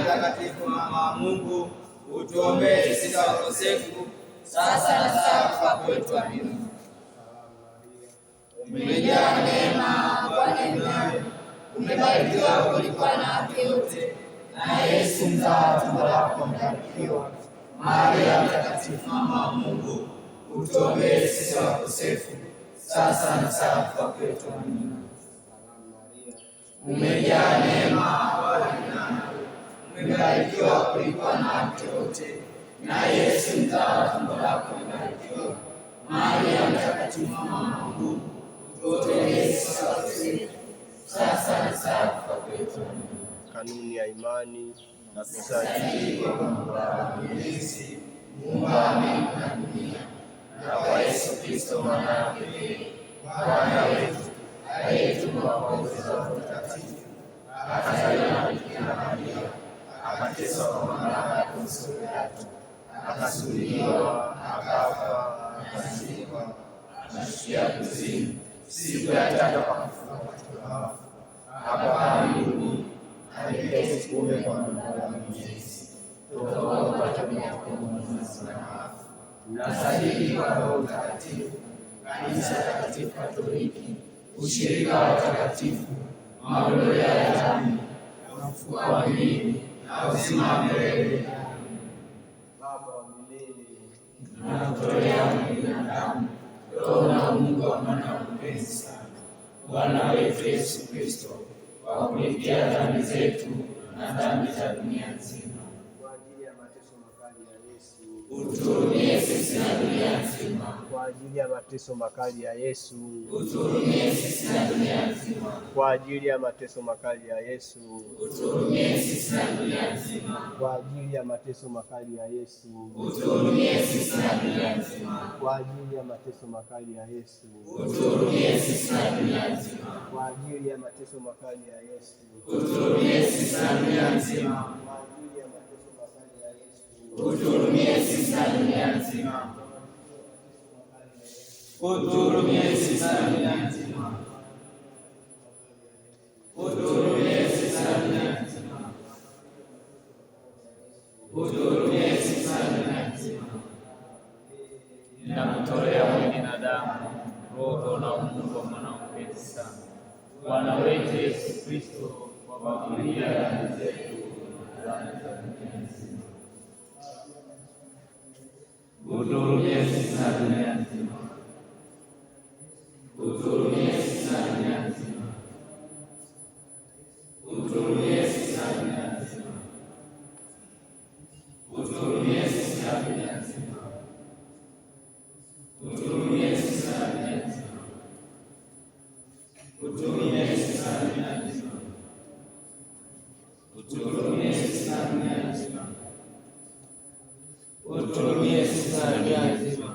Mtakatifu mama wa Mungu, utuombee sisi wakosefu sasa na saa kufa kwetu. Amina. Umejaa neema, Bwana yu nawe, umebarikiwa kuliko wanawake wote, na Yesu mzao tumbo lako mbarikiwa. Maria Mtakatifu mama wa Mungu, utuombee sisi wakosefu sasa na saa kufa kwetu. Amina. Umejaa neema umebarikiwa kuliko wanawake wote, na Yesu mzao wa tumbo lako umebarikiwa. Maria Mtakatifu, mama wa Mungu, utuombee sisi wakosefu, sasa na saa ya kufa kwetu. Kanuni ya imani na kusali kwa Baba Mwenyezi, Muumba wa mbingu na dunia, na kwa Yesu Kristo mwana wake pekee, Bwana wetu, aliyetukomboa kwa uwezo wake mtakatifu, akazaliwa Mateso kwa mamlaka ya Kristo Pilato, akasulubiwa, akafa, akazikwa, akashukia kuzimu, siku ya tatu akafufuka kutoka wafu, akakaa mbinguni, ameketi kuume kwa Mungu Mwenyezi, tukaomba tupate kuokolewa na maisha na wafu. Nasadiki kwa Roho Mtakatifu, Kanisa Takatifu Katoliki, ushirika wa watakatifu, maondoleo ya dhambi, na ufufuo wa mwili na uzima Baba wa milele, tunakutolea mwili damu, roho na Mungu wa mwana wa mpenzi sana Bwana wetu Yesu Kristo, kwa kulipia dhambi zetu na dhambi za dunia nzima kwa ajili ya mateso makali ya Yesu. Utuhurumie sisi na dunia nzima. Kwa ajili ya mateso makali ya Yesu. Utuhurumie sisi na dunia nzima. Kwa ajili ya mateso makali ya Yesu. Utuhurumie sisi na dunia nzima. Kwa ajili ya mateso makali ya Yesu. Utuhurumie sisi na dunia nzima. Kwa ajili ya mateso makali ya Yesu. Utuhurumie sisi na dunia nzima. Kwa ajili ya mateso makali ya Yesu. Utuhurumie sisi na dunia nzima. stanno Oggiorno mi essi stanno innanzi Oggiorno mi essi stanno innanzi Oggiorno mi essi stanno innanzi Namtoleamo in Adamo, ruogo non come non pensa. Quando avete Cristo, quando mi dia la Kultur jest nadmiarny. Kultur jest nadmiarny. Kultur jest nadmiarny. na dunia nzima,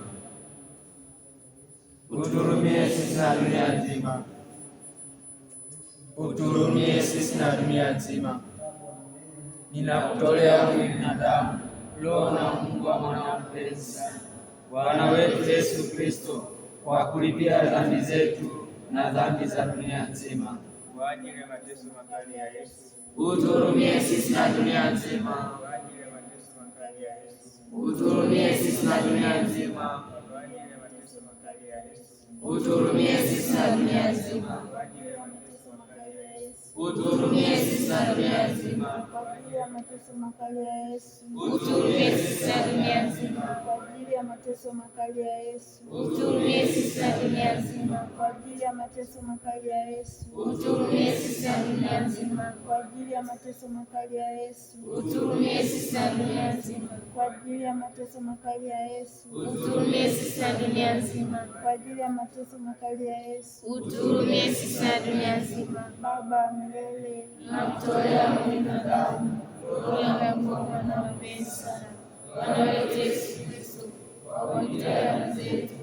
uturumie sisi na dunia nzima, uturumie sisi na dunia nzima. Ninakutolea mwili na damu, roho na Mungu wa mwana mpenzi sana Bwana wetu Yesu Kristo, kwa kulipia dhambi zetu na dhambi za dunia nzima. Kwa ajili ya mateso makali ya Yesu, uturumie sisi na dunia nzima. Kwa ajili ya mateso makali ya Yesu na dunia nzima, uturumie sisi na dunia nzima, uturumie sisi na dunia nzima, uturumie sisi na dunia nzima mateso makali ya Yesu. Utuhurumie sisi na dunia nzima. Kwa ajili ya mateso makali ya Yesu. Utuhurumie sisi na dunia nzima. Kwa ajili ya mateso makali ya Yesu. Utuhurumie sisi na dunia nzima. Kwa ajili ya mateso makali ya Yesu. Utuhurumie sisi na dunia nzima. Kwa ajili ya mateso makali ya Yesu. Utuhurumie sisi na dunia nzima. Baba milele, nakutolea mwili na damu, roho na nguvu na mapenzi Bwana wetu Yesu from eternity